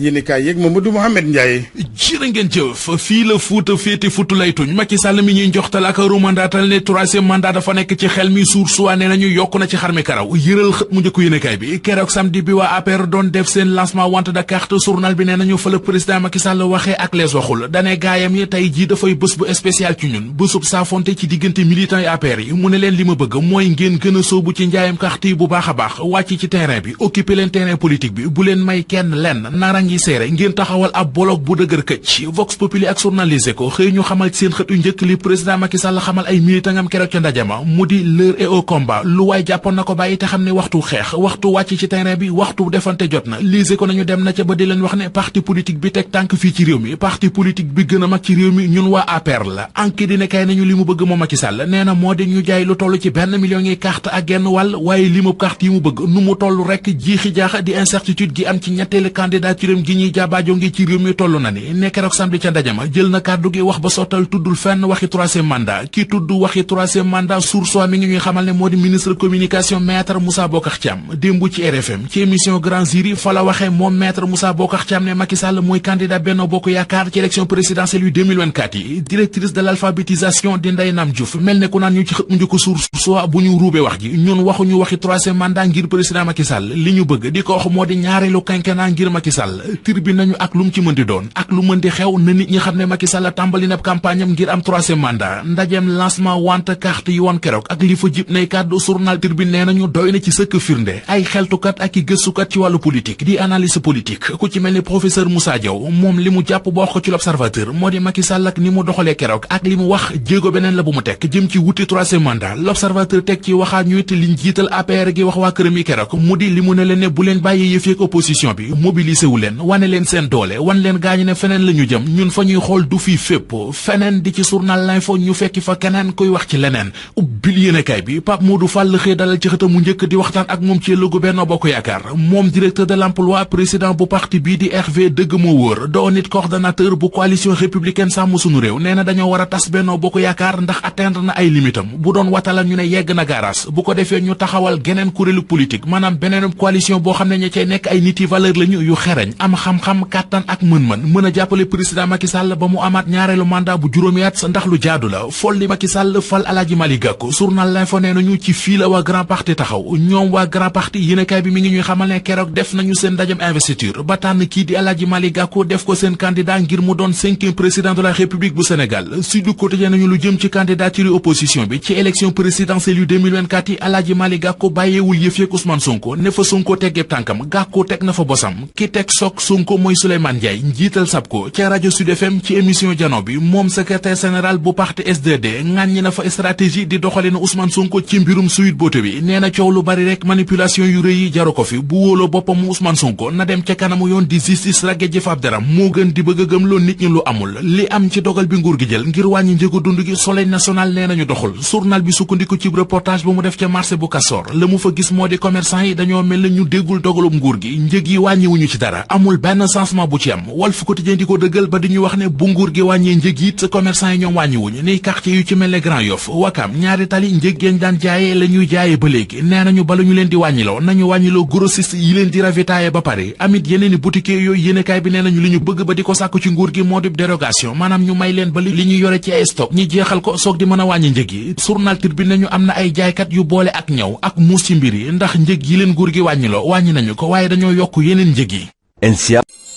yéenekaay yeeg Mamadou Mouhamed Ndiaye jërë ngeen jëf fii la fuuta féete futu tuñ Macky mi ñuy njoxtal ak romandaatal ne troisième mandat dafa nekk ci xel mi suur suwaa ne nañu yokk na ci xarmi karaw yëral xët mu njëkko yéenekaay bi keroog samedi bi waa APR doon def seen lancement wante de carte journal bi ne nañu fa la président Macky Sall waxee ak les waxul dane gaayam yi tey jii dafay bés bu spécial ci ñun bésub saafonte ci diggante militants li ma bëgg mooy ngeen gën a soobu ci bi occupé leen terrain ngi seere ngeen taxawal ab bloc bu dëgër këcc vox populi ak journalisé ko xëy ñu xamal seen xët yu njëkk li président Macky Sall xamal ay militangam keroog ca ndajama mu di l'heure est au combat lu waay jàppoon na ko bàyyi te xam ne waxtu xeex waxtu wàcc ci terrain bi waxtu defante jot na lise ko nañu dem na ca ba di leen wax ne parti politique bi teg tànk fii ci réew mi parti politique bi gën a mag ci réew mi ñun waa APR la anki dina kay nañu li mu bëgg mu carte yi jàmbaarlem gi ñuy jàbbaajo ngi ci réew mi toll na ni ne keroog samedi ca ndajama jël na kàddu gi wax ba sottal tuddul fenn waxi troisième ki tudd waxi troisième mandat source mi ngi ñuy xamal ne moo di ministre communication maître Moussa Bokar Thiam démb ci RFM ci émission Grand Jury fa la waxee moom maître Moussa Bokar Thiam ne Macky Sall mooy candidat Benno Bokk Yaakaar ci élection présidentielle yu 2024 yi directrice de l'alphabétisation di Ndeye Nam Diouf mel ne ku ñu ci xët mu njëkk source soit bu ñu ruube wax ji ko wax moo di ñaareelu quinquennat ngir Macky tribune nañu ak lu ci mën di doon ak lu mën di xew na nit ñi xam ne Macky Sall tàmbali na campagne am ngir am troisième mandat ndajeem lancement wante carte yi woon keroog ak li fa jib nay kàddu journal tribune nee nañu doy na ci sëkk firnde ay xeltukat ak i gëstukat ci wàllu politique di analyse politique ku ci mel ni professeur Moussa Diaw moom li mu jàpp boo ko ci l'observateur moo di Macky Sall ak ni mu doxalee keroog ak li mu wax jéego beneen la bu mu tekk jëm ci wuti troisième mandat l'observateur teg ci waxaa ñu it liñ jiital APR gi wax waa këram yi li mu ne leen bu leen bàyyi yëfeek opposition bi mobilisé wu leen wane leen seen doole wan leen gaañu ne feneen la ñu jëm ñun fa ñuy xool du fii fépp feneen di ci journal l'info ñu fekki fa keneen kuy wax ci leneen ubbil yéenekaay bi Pape Modou Fall xëy dalal ci xëtam mu njëkk di waxtaan ak moom ci lëgu Benno Bokk Yaakaar moom directeur de l'emploi président bu parti bii di RV dëgg moo wóor doo nit coordonnateur bu coalition républicaine sàmm suñu réew nee na dañoo war a tas Benno Bokk Yaakaar ndax atteindre na ay limitam bu doon watala ñu ne yegg na gaaraas bu ko defee ñu taxawal geneen kuréelu politique maanaam beneen boo xam ne ña cay nekk ay nit yi valeur yu xereñ am xam-xam kàttan ak mën-mën mën a jàppale président Macky Sall ba mu amaat ñaareelu mandat bu juróomi at ndax lu jaadu la folli Macky Sall fal Alaaji Mali Gakou journal L'Info nee nañu ci fii la waa grand bi mi ngi ñuy xamal ne keroog def nañu seen ndajem investiture ba tànn kii di Alaaji Mali Gakou def ko seen candidat ngir mu doon cinquième président de la République bu Sénégal si du côté nañu lu jëm ci candidature opposition bi ci élection présidentielle yu 2024 yi Alaaji Mali Gakou bàyyeewul yëf yeeg Ousmane Sonko ne fa Sonko teggee tànkam Gakou teg na fa bosam ki teg toog Sonko mooy Souleymane Ndiaye njiital ko ca rajo Sud FM ci émission jano bi moom secrétaire général bu parti SDD ñi na fa strategi di doxalinu Ousmane sunk ci mbirum Sweet Beauté bi nee na coow lu bari rek manipulation yu rëy yi jaru ko fi bu wóoloo boppam Ousmane Sonko na dem ca kanamu yoon di justice ragge ji faab daram moo gën di bëgg a gëm loo nit ñi lu amul li am ci dogal bi nguur gi jël ngir wàññi njëgu dund gi soleil national nee nañu doxul journal bi sukkandiku ci reportage bu mu def ca marché bu Castor mu gis moo di yi dañoo mel na ñu déggul dogalum nguur gi njëg yi wàññiwuñu ci dara amul benn changement bu ci am Walf Quotidien di ko dëggal ba di ñu wax ne bu nguur gi wàññee njëg it commerçant yi ñoom wàññiwuñ ni quartier yu ci mel ne Grand Yoff Wakam ñaari daan jaayee la ñuy jaayee ba léegi nee nañu bala ñu leen di wàññiloo nañu wàññiloo grossiste leen di ravitailler ba pare amit yeneen i yooyu yéenekaay bi nee nañu li ñu bëgg ba di ko sàkku ci nguur gi moo di dérogation ñu may leen ba li ñu yore ci ay stock ñi jeexal ko soog di mën wàññi njëg yi journal Tribune nañu am na ay jaaykat yu boole ak ñaw ak muus ci mbir yi ndax njëg yi leen nguur gi wàññiloo wàññi nañu ko waaye dañoo yokk yeneen njëg yi en